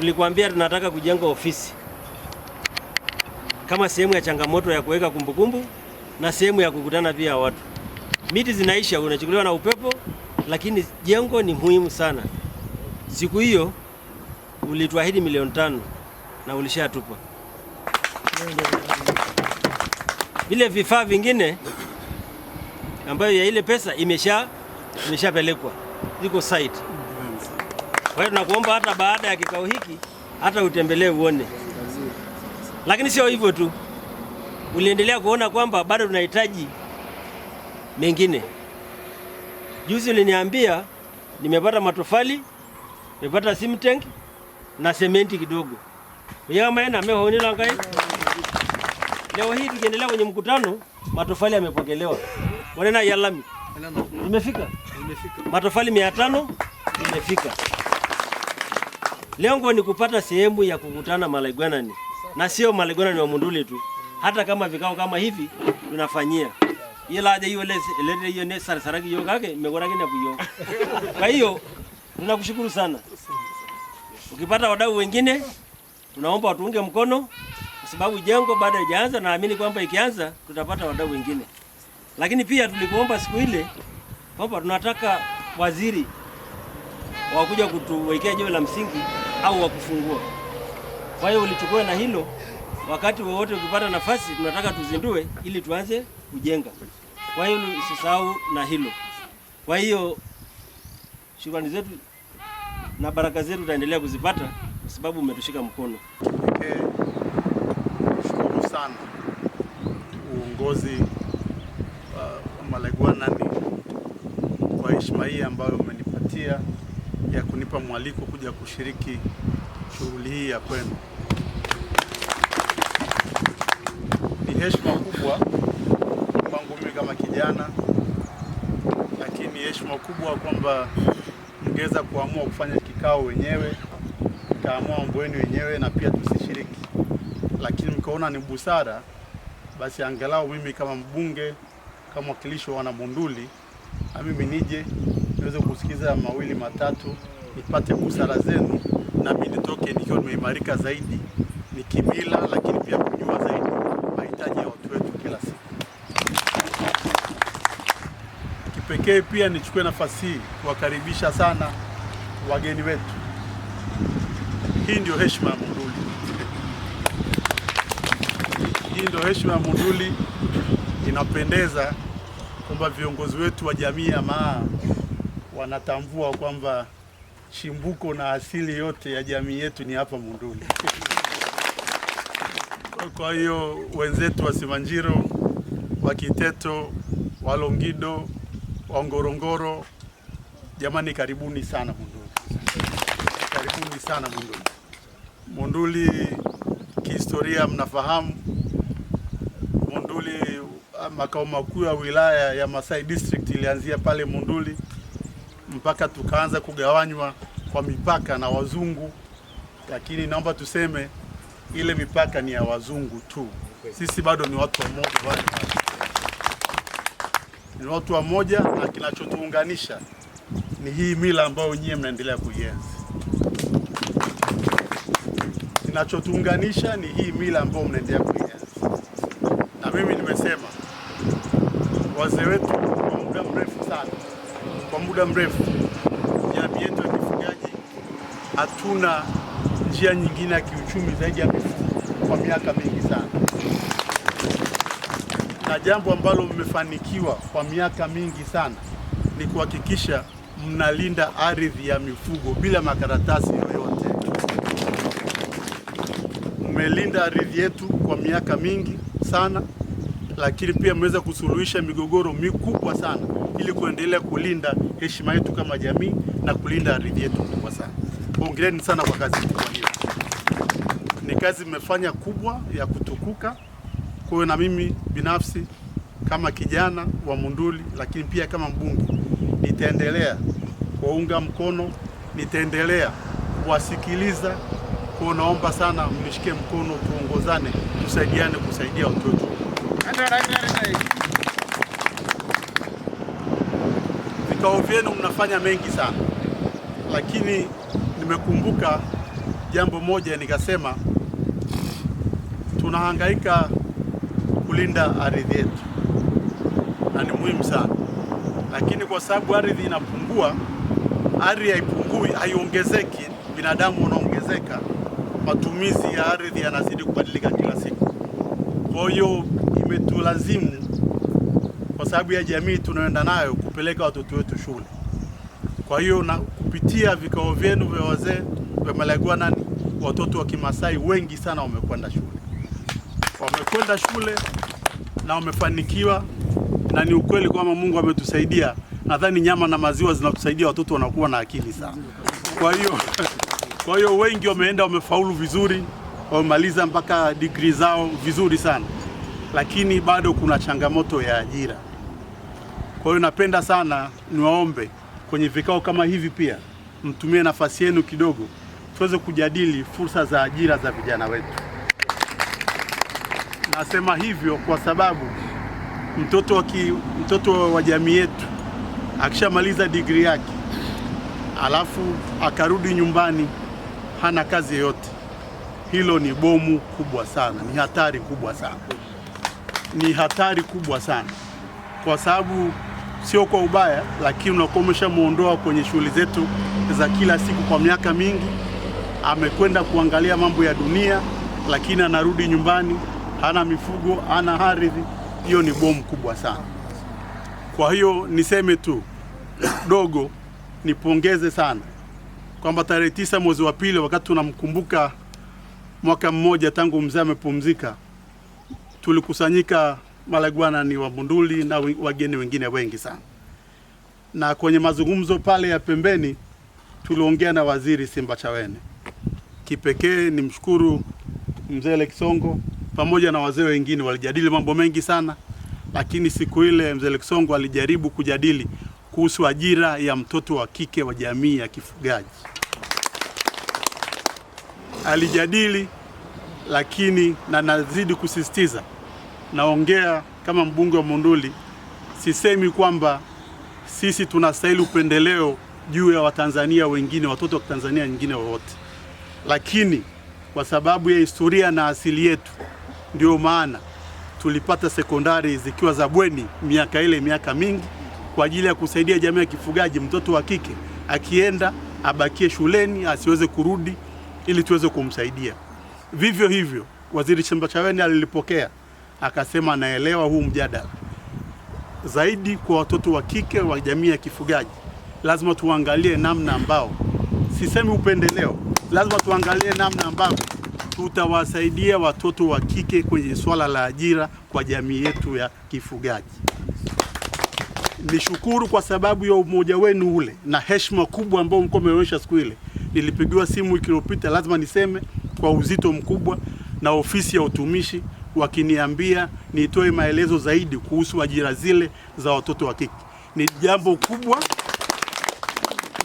Tulikwambia tunataka kujenga ofisi kama sehemu ya changamoto ya kuweka kumbukumbu na sehemu ya kukutana pia watu. Miti zinaisha, unachukuliwa na upepo, lakini jengo ni muhimu sana. Siku hiyo ulituahidi milioni tano na ulishatupa. Vile vifaa vingine ambayo ya ile pesa imesha imeshapelekwa, iko site. Kwa hiyo tunakuomba hata baada ya kikao hiki hata utembelee uone. Lakini sio hivyo tu, uliendelea kuona kwamba bado tunahitaji mengine. Juzi uliniambia nimepata matofali, nimepata simtank na sementi kidogo yamaena mehoonilangai. Leo hii tukiendelea kwenye mkutano, matofali yamepokelewa wanena yalami imefika, matofali mia tano imefika. Lengo ni kupata sehemu ya kukutana malaigwanani na sio malaigwanani wa Munduli tu, hata kama vikao kama hivi tunafanyia ila aje ne sarasaraki kake kuyo. Kwa hiyo tunakushukuru sana. Ukipata wadau wengine tunaomba watuunge mkono kwa sababu jengo bado haijaanza, naamini kwamba ikianza tutapata wadau wengine. Lakini pia tulikuomba siku ile kwamba tunataka waziri wakuja kutuwekea jiwe la msingi au wakufungua. Kwa hiyo ulichukua na hilo, wakati wowote ukipata nafasi, tunataka tuzindue ili tuanze kujenga. Kwa hiyo usisahau na hilo. Kwa hiyo shukrani zetu na baraka zetu utaendelea kuzipata kwa sababu umetushika mkono. Okay. Eh, Shukuru sana uongozi uh, wa uh, Malaigwanani kwa heshima hii ambayo umenipatia ya kunipa mwaliko kuja kushiriki shughuli hii ya kwenu. Ni heshima kubwa kwangu mimi kama kijana, lakini heshima kubwa kwamba mngeweza kuamua kufanya kikao wenyewe, mkaamua mambo yenu wenyewe na pia tusishiriki, lakini mkaona ni busara, basi angalau mimi kama mbunge, kama mwakilishi wa Wanamunduli, na mimi nije niweze kusikiza mawili matatu nipate busara zenu, na mimi nitoke nikiwa nimeimarika zaidi, nikimila lakini pia kujua zaidi mahitaji ya watu wetu kila siku. Kipekee pia nichukue nafasi hii kuwakaribisha sana wageni wetu. Hii ndio heshima ya Monduli, hii ndio heshima ya Monduli. Inapendeza kwamba viongozi wetu wa jamii ya Maa wanatambua kwamba chimbuko na asili yote ya jamii yetu ni hapa Monduli. Kwa hiyo wenzetu wa Simanjiro, wa Kiteto, wa Longido, wa Ngorongoro, jamani, karibuni sana Monduli, karibuni sana Monduli. Monduli kihistoria, mnafahamu Monduli, ah, makao makuu ya wilaya ya Masai District ilianzia pale Monduli mpaka tukaanza kugawanywa kwa mipaka na wazungu, lakini naomba tuseme ile mipaka ni ya wazungu tu, sisi bado ni watu wamoja, wale ni watu wamoja, na kinachotuunganisha ni hii mila ambayo nyie mnaendelea kuienzi. Kinachotuunganisha ni hii mila ambayo mnaendelea kuienzi, na mimi nimesema wazee wetu kwa muda mrefu sana, kwa muda mrefu hatuna njia nyingine ya kiuchumi zaidi ya kwa miaka mingi sana, na jambo ambalo mmefanikiwa kwa miaka mingi sana ni kuhakikisha mnalinda ardhi ya mifugo bila makaratasi yoyote. Mmelinda ardhi yetu kwa miaka mingi sana, lakini pia mmeweza kusuluhisha migogoro mikubwa sana ili kuendelea kulinda heshima yetu kama jamii na kulinda ardhi yetu kubwa sana hongereni sana kwa kazi kubwa hiyo. Ni kazi mmefanya kubwa ya kutukuka. Kwa hiyo na mimi binafsi kama kijana wa Monduli, lakini pia kama mbunge nitaendelea kuwaunga mkono, nitaendelea kuwasikiliza. Kwa naomba sana mnishike mkono, tuongozane, tusaidiane kusaidia watoto. Vikao vyenu mnafanya mengi sana, lakini nimekumbuka jambo moja, nikasema tunahangaika kulinda ardhi yetu na ni muhimu sana, lakini kwa sababu ardhi inapungua, ardhi haipungui, haiongezeki, binadamu wanaongezeka, matumizi ya ardhi yanazidi kubadilika kila siku. Kwa hiyo imetulazimu, kwa sababu ya jamii tunaenda nayo, kupeleka watoto wetu shule. Kwa hiyo na kupitia vikao vyenu vya wazee wamelegwa nani, watoto wa Kimasai wengi sana wamekwenda shule, wamekwenda shule na wamefanikiwa, na ni ukweli kwamba Mungu ametusaidia. Nadhani nyama na maziwa zinatusaidia, watoto wanakuwa na akili sana. Kwa hiyo kwa hiyo wengi wameenda, wamefaulu vizuri, wamemaliza mpaka digri zao vizuri sana, lakini bado kuna changamoto ya ajira. Kwa hiyo napenda sana niwaombe kwenye vikao kama hivi pia mtumie nafasi yenu kidogo, tuweze kujadili fursa za ajira za vijana wetu. Nasema hivyo kwa sababu mtoto wa, ki, mtoto wa jamii yetu akishamaliza digri yake alafu akarudi nyumbani hana kazi yoyote, hilo ni bomu kubwa sana, ni hatari kubwa sana, ni hatari kubwa sana kwa sababu sio kwa ubaya, lakini unakuwa umeshamuondoa kwenye shughuli zetu za kila siku kwa miaka mingi. Amekwenda kuangalia mambo ya dunia, lakini anarudi nyumbani, hana mifugo, hana ardhi. Hiyo ni bomu kubwa sana. Kwa hiyo niseme tu dogo, nipongeze sana kwamba tarehe tisa mwezi wa pili, wakati tunamkumbuka mwaka mmoja tangu mzee amepumzika, tulikusanyika Malagwana ni Wabunduli na wageni wengine wengi sana. Na kwenye mazungumzo pale ya pembeni tuliongea na Waziri Simbachawene. Kipekee ni mshukuru Mzee Kisongo pamoja na wazee wengine, walijadili mambo mengi sana, lakini siku ile Mzee Kisongo alijaribu kujadili kuhusu ajira ya mtoto wa kike wa jamii ya kifugaji alijadili, lakini na nazidi kusisitiza naongea kama mbunge wa Monduli, sisemi kwamba sisi tunastahili upendeleo juu ya Watanzania wengine, watoto wa Tanzania wengine wowote, lakini kwa sababu ya historia na asili yetu, ndio maana tulipata sekondari zikiwa za bweni miaka ile, miaka mingi, kwa ajili ya kusaidia jamii ya kifugaji. Mtoto wa kike akienda abakie shuleni asiweze kurudi, ili tuweze kumsaidia. Vivyo hivyo Waziri Chaweni alilipokea akasema anaelewa huu mjadala zaidi kwa watoto wa kike wa jamii ya kifugaji, lazima tuangalie namna ambao, sisemi upendeleo, lazima tuangalie namna ambao tutawasaidia watoto wa kike kwenye swala la ajira kwa jamii yetu ya kifugaji. Nishukuru kwa sababu ya umoja wenu ule na heshima kubwa ambayo mko umeonyesha siku ile. Nilipigiwa simu wiki iliyopita, lazima niseme kwa uzito mkubwa, na ofisi ya utumishi wakiniambia nitoe maelezo zaidi kuhusu ajira zile za watoto wa kike. Ni jambo kubwa,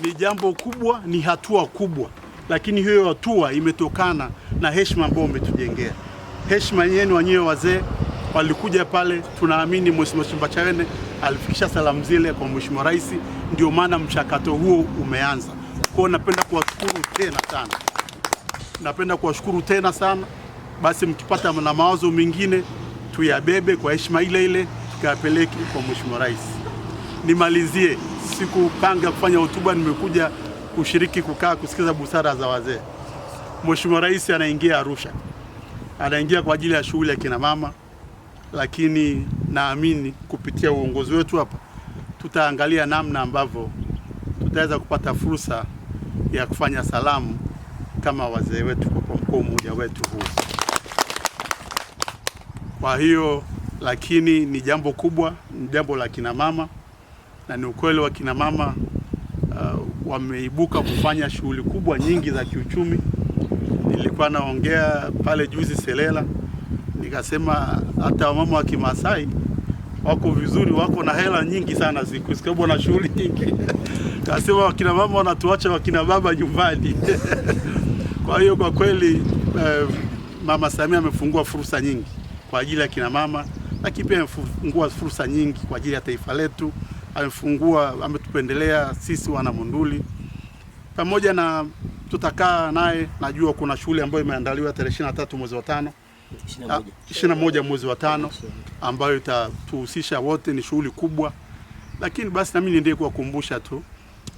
ni jambo kubwa, ni hatua kubwa, lakini hiyo hatua imetokana na heshima ambayo umetujengea. Heshima yenu wenyewe wazee walikuja pale, tunaamini Mheshimiwa Simbachawene alifikisha salamu zile kwa Mheshimiwa Rais, ndio maana mchakato huo umeanza. Kwa hiyo napenda kuwashukuru tena sana, napenda kuwashukuru tena sana basi mkipata na mawazo mengine tuyabebe kwa heshima ile ile tukayapeleke kwa Mheshimiwa Rais. Nimalizie, sikupanga kufanya hotuba, nimekuja kushiriki kukaa kusikiza busara za wazee. Mheshimiwa Rais anaingia Arusha, anaingia kwa ajili ya shughuli ya kina mama, lakini naamini kupitia uongozi wetu hapa tutaangalia namna ambavyo tutaweza kupata fursa ya kufanya salamu kama wazee wetu kwa mkoa mmoja wetu huu. Kwa hiyo lakini ni jambo kubwa, ni jambo la kina mama na ni ukweli wa kina mama uh, wameibuka kufanya shughuli kubwa nyingi za kiuchumi. Nilikuwa naongea pale juzi Selela, nikasema hata wamama wa Kimasai wako vizuri, wako na hela nyingi sana siku sababu na shughuli nyingi kasema wakina mama wanatuacha wakina baba nyumbani kwa hiyo kwa kweli eh, Mama Samia amefungua fursa nyingi kwa ajili ya kina mama, lakini pia amefungua fursa nyingi kwa ajili ya taifa letu. Amefungua, ametupendelea sisi wana Monduli pamoja na tutakaa naye. Najua kuna shughuli ambayo imeandaliwa tarehe 23 mwezi wa tano ah, na moja mwezi wa tano ambayo itatuhusisha wote, ni shughuli kubwa, lakini basi nami niendelee kuwakumbusha tu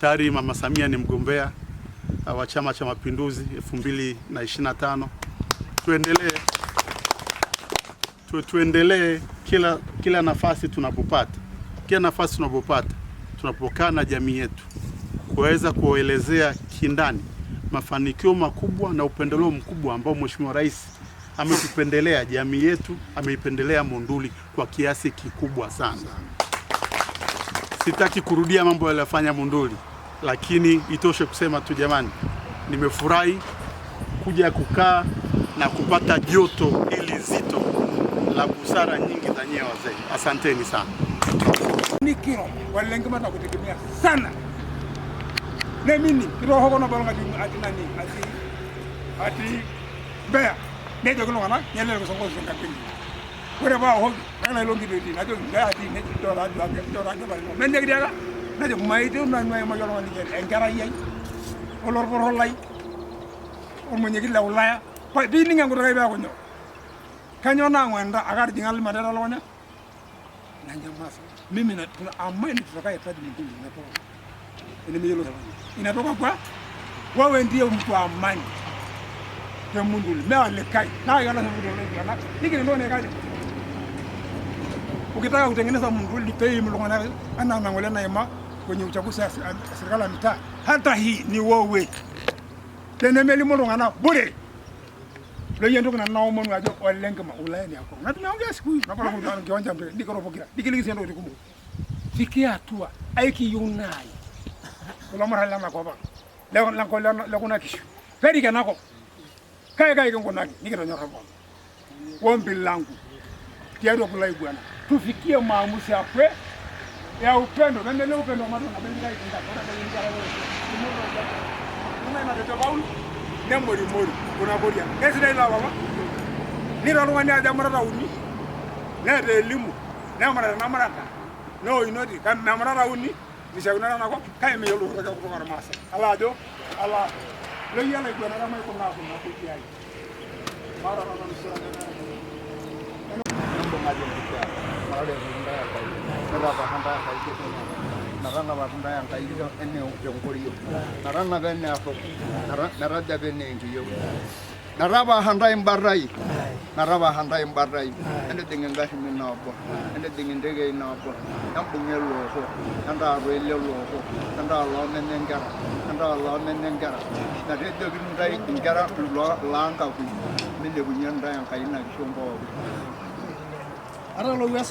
tayari Mama Samia ni mgombea ah, wa Chama cha Mapinduzi 2025 tuendelee tu, tuendelee kila, kila nafasi tunapopata kila nafasi tunapopata tunapokaa na jamii yetu kuweza kuelezea kindani mafanikio makubwa na upendeleo mkubwa ambao Mheshimiwa Rais ametupendelea jamii yetu, ameipendelea Monduli kwa kiasi kikubwa sana. Sitaki kurudia mambo yaliyofanya Monduli, lakini itoshe kusema tu jamani, nimefurahi kuja kukaa na kupata joto la busara nyingi za nyewe wazee. Asanteni sana. Nikiro walilengimata kutegemea sana nemini kiroho kono balonga jum ati nani ati ati mbea nejo kilo kana nyelele kusongo songa pingi kure ba ho kana longi de di najo mbea ati ne dola do ake dola ke bari men negi daga najo maite na mai ma yoro ni en gara yai olor por holai on mo nyegi lawlaya pa di ni ngangu daga ba ko nyo Kanyo nang'wenda akatijing'a limatera lukunya nanjamasa mimi na, ama initutakaetaji Mungu inatoka inimiyolo inatoka kwa wewe ndiye mtu wa amani ya Mungu mewalekai nayolaanak ikinintonekaje ukitaka kutengeneza Mungu lipei mlukana ananang'ole naima kwenye uchaguzi ya serikali ya mitaa hata hii ni wewe tenemeli mulung'ana bure Leo hiyo ndo kana nao mwana wajo walenga ma ulani yako. Na tunaongea siku hiyo. Nakola kwa kiwanja mbele. Ndiko robo kila. Dikiligi sio ndo tukumbuka. Fikia hatua aiki yunai. Kula mara lama kwa ba. Leo lanko leo kuna kishu. Pedi kanako. Kae kae kongo naki. Nikiro nyora kwa. Ombi langu. Tiario kulai bwana. Tufikie maamuzi yakwe ya upendo. Nende upendo maana na bendera hii ndio. Ndio ndio. Ndio ndio. Ndio ndio ne mori mori kuna koria kesidai ilo apa nira oltung'ani ajo emurata uni neeta elimu nemurata enamurata neoinoti memurata uni mishaakino enakop kake meyiolo kutuk ormaasai ala ajo ala loyiolo aiguanata maikunaa kuna kutiai maata nanu misura nembung'ajo nkutiai maata enkutintaya kai netapaha ntaya kai kesunyata yang nakangabakunda yankayiza ene enkoliyo naranaga eneako naradaga ene enkiyo naraba handai mbarai naraba handai mbarai ende dinge ngahi minabo ende dinge ndege inabo yambunge loko yanda arwele loko yanda alo nenengara yanda alo nenengara na rede ginudai ingara lo langa ku mende bunyanda yankai na kishombo ara lo wesa